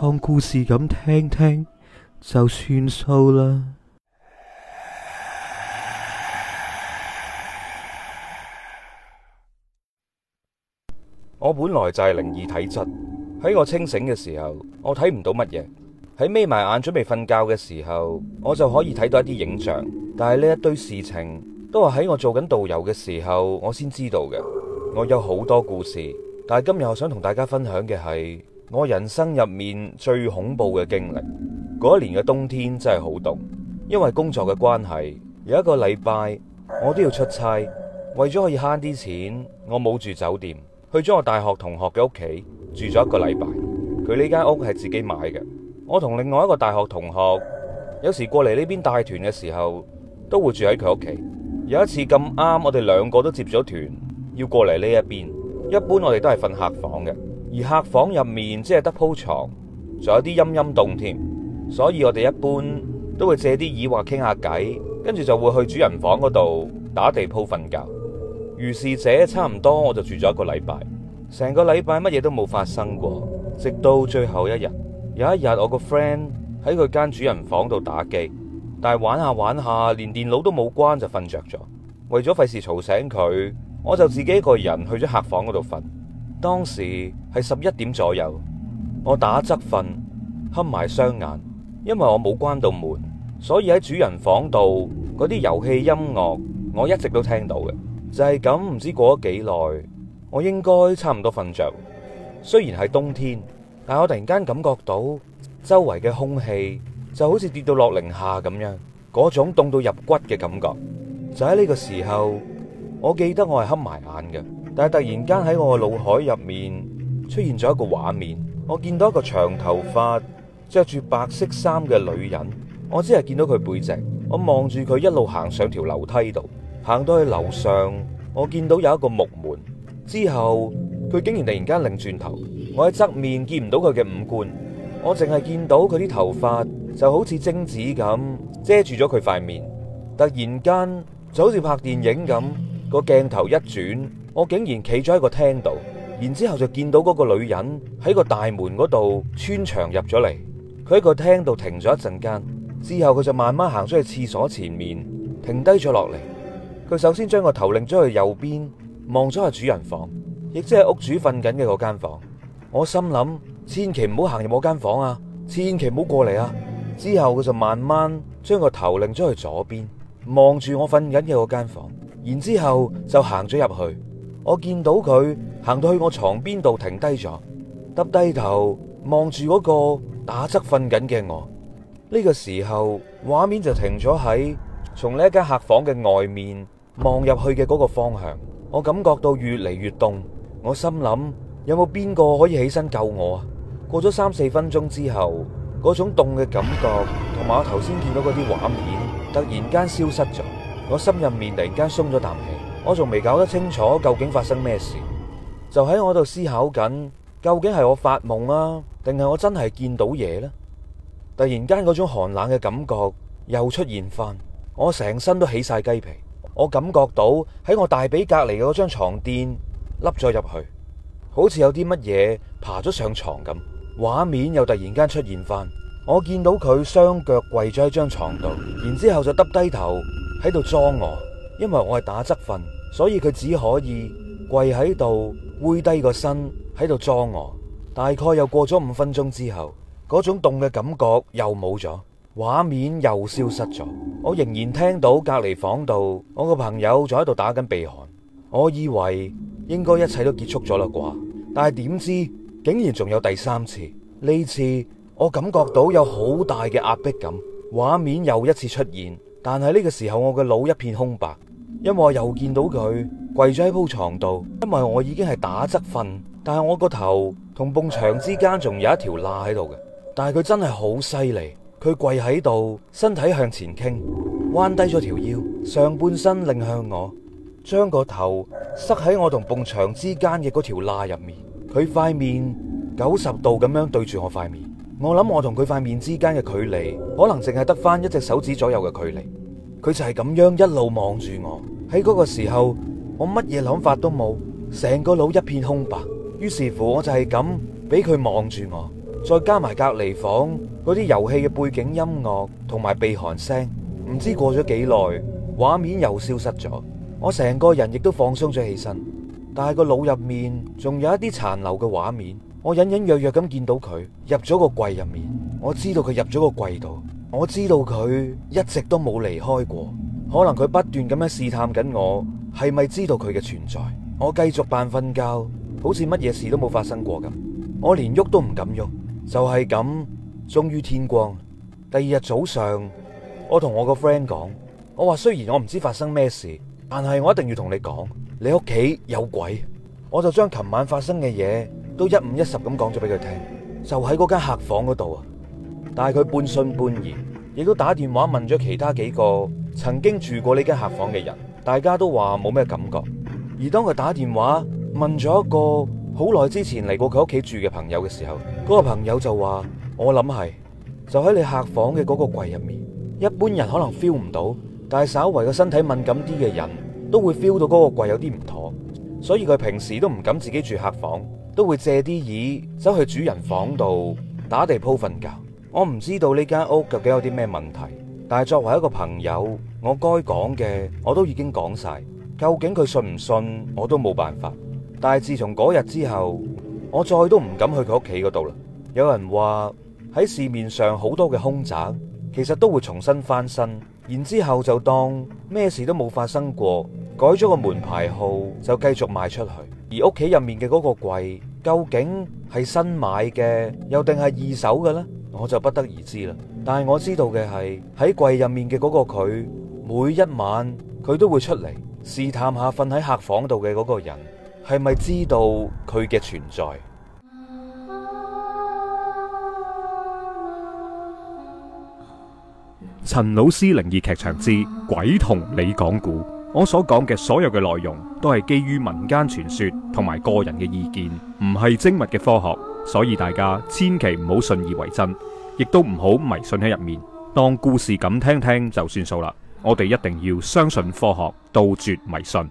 當故事咁聽聽就算數啦。我本來就係靈異體質，喺我清醒嘅時候，我睇唔到乜嘢。喺眯埋眼準備瞓覺嘅時候，我就可以睇到一啲影像。但係呢一堆事情，都係喺我做緊導遊嘅時候，我先知道嘅。我有好多故事，但係今日我想同大家分享嘅係。我人生入面最恐怖嘅經歷，嗰一年嘅冬天真係好凍。因為工作嘅關係，有一個禮拜我都要出差，為咗可以慳啲錢，我冇住酒店，去咗我大學同學嘅屋企住咗一個禮拜。佢呢間屋係自己買嘅。我同另外一個大學同學有時過嚟呢邊帶團嘅時候，都會住喺佢屋企。有一次咁啱，我哋兩個都接咗團，要過嚟呢一邊，一般我哋都係瞓客房嘅。而客房入面即係得鋪床，仲有啲陰陰凍添，所以我哋一般都會借啲耳話傾下偈，跟住就會去主人房嗰度打地鋪瞓覺。如是者，差唔多我就住咗一個禮拜，成個禮拜乜嘢都冇發生過，直到最後一日。有一日，我個 friend 喺佢間主人房度打機，但係玩下玩下連電腦都冇關就瞓着咗。為咗費事嘈醒佢，我就自己一個人去咗客房嗰度瞓。當時係十一點左右，我打側瞓，瞌埋雙眼，因為我冇關到門，所以喺主人房度嗰啲遊戲音樂我一直都聽到嘅。就係咁，唔知過咗幾耐，我應該差唔多瞓着。雖然係冬天，但我突然間感覺到周圍嘅空氣就好似跌到落零下咁樣，嗰種凍到入骨嘅感覺。就喺呢個時候，我記得我係瞌埋眼嘅。但係突然間喺我嘅腦海入面出現咗一個畫面，我見到一個長頭髮着住白色衫嘅女人。我只係見到佢背脊，我望住佢一路行上條樓梯度，行到去樓上，我見到有一個木門之後，佢竟然突然間擰轉頭。我喺側面見唔到佢嘅五官，我淨係見到佢啲頭髮就好似貞子咁遮住咗佢塊面。突然間就好似拍電影咁，個鏡頭一轉。我竟然企咗喺個廳度，然之後就見到嗰個女人喺個大門嗰度穿牆入咗嚟。佢喺個廳度停咗一陣間，之後佢就慢慢行咗去廁所前面停低咗落嚟。佢首先將個頭擰咗去右邊望咗下主人房，亦即係屋主瞓緊嘅嗰間房。我心諗，千祈唔好行入我間房啊，千祈唔好過嚟啊。之後佢就慢慢將個頭擰咗去左邊望住我瞓緊嘅嗰間房，然之後就行咗入去。我見到佢行到去我床邊度停低咗，耷低頭望住嗰個打側瞓緊嘅我。呢個時候畫面就停咗喺從呢一間客房嘅外面望入去嘅嗰個方向。我感覺到越嚟越凍，我心諗，有冇邊個可以起身救我啊？過咗三四分鐘之後，嗰種凍嘅感覺同埋我頭先見到嗰啲畫面突然間消失咗，我心入面突然間鬆咗啖氣。我仲未搞得清楚究竟發生咩事，就喺我度思考緊，究竟係我發夢啊，定係我真係見到嘢呢？突然間嗰種寒冷嘅感覺又出現翻，我成身都起晒雞皮，我感覺到喺我大髀隔籬嗰張床墊凹咗入去，好似有啲乜嘢爬咗上床咁。畫面又突然間出現翻，我見到佢雙腳跪咗喺張床度，然之後就耷低頭喺度裝我，因為我係打側瞓。所以佢只可以跪喺度，屈低個身喺度裝我。大概又過咗五分鐘之後，嗰種凍嘅感覺又冇咗，畫面又消失咗。我仍然聽到隔籬房度我個朋友仲喺度打緊鼻鼾。我以為應該一切都結束咗啦啩，但係點知竟然仲有第三次。呢次我感覺到有好大嘅壓迫感，畫面又一次出現，但係呢個時候我嘅腦一片空白。因為我又見到佢跪咗喺鋪床度，因為我已經係打側瞓，但係我個頭同埲牆之間仲有一條罅喺度嘅。但係佢真係好犀利，佢跪喺度，身體向前傾，彎低咗條腰，上半身擰向我，將個頭塞喺我同埲牆之間嘅嗰條罅入面。佢塊面九十度咁樣對住我塊面，我諗我同佢塊面之間嘅距離可能淨係得翻一隻手指左右嘅距離。佢就係咁樣一路望住我，喺嗰個時候我乜嘢諗法都冇，成個腦一片空白。於是乎我就係咁俾佢望住我，再加埋隔離房嗰啲遊戲嘅背景音樂同埋鼻鼾聲，唔知過咗幾耐，畫面又消失咗。我成個人亦都放鬆咗起身，但係個腦入面仲有一啲殘留嘅畫面，我隱隱約約咁見到佢入咗個櫃入面，我知道佢入咗個櫃度。我知道佢一直都冇離開過，可能佢不斷咁樣試探緊我係咪知道佢嘅存在。我繼續扮瞓覺，好似乜嘢事都冇發生過咁。我連喐都唔敢喐，就係咁。終於天光，第二日早上，我同我個 friend 講，我話雖然我唔知發生咩事，但係我一定要同你講，你屋企有鬼。我就將琴晚發生嘅嘢都一五一十咁講咗俾佢聽，就喺嗰間客房嗰度啊。但係佢半信半疑，亦都打電話問咗其他幾個曾經住過呢間客房嘅人，大家都話冇咩感覺。而當佢打電話問咗一個好耐之前嚟過佢屋企住嘅朋友嘅時候，嗰個朋友就話：我諗係就喺你客房嘅嗰個櫃入面，一般人可能 feel 唔到，但係稍為個身體敏感啲嘅人都會 feel 到嗰個櫃有啲唔妥，所以佢平時都唔敢自己住客房，都會借啲椅走去主人房度打地鋪瞓覺。我唔知道呢間屋究竟有啲咩問題，但係作為一個朋友，我該講嘅我都已經講晒。究竟佢信唔信，我都冇辦法。但係自從嗰日之後，我再都唔敢去佢屋企嗰度啦。有人話喺市面上好多嘅空宅，其實都會重新翻新，然之後就當咩事都冇發生過，改咗個門牌號就繼續賣出去。而屋企入面嘅嗰個櫃，究竟係新買嘅，又定係二手嘅呢？我就不得而知啦，但係我知道嘅係喺櫃入面嘅嗰個佢，每一晚佢都會出嚟試探下瞓喺客房度嘅嗰個人係咪知道佢嘅存在。陳老師靈異劇場之鬼同你講故，我所講嘅所有嘅內容都係基於民間傳說同埋個人嘅意見，唔係精密嘅科學。所以大家千祈唔好信以為真，亦都唔好迷信喺入面，當故事咁聽聽就算數啦。我哋一定要相信科學，杜絕迷信。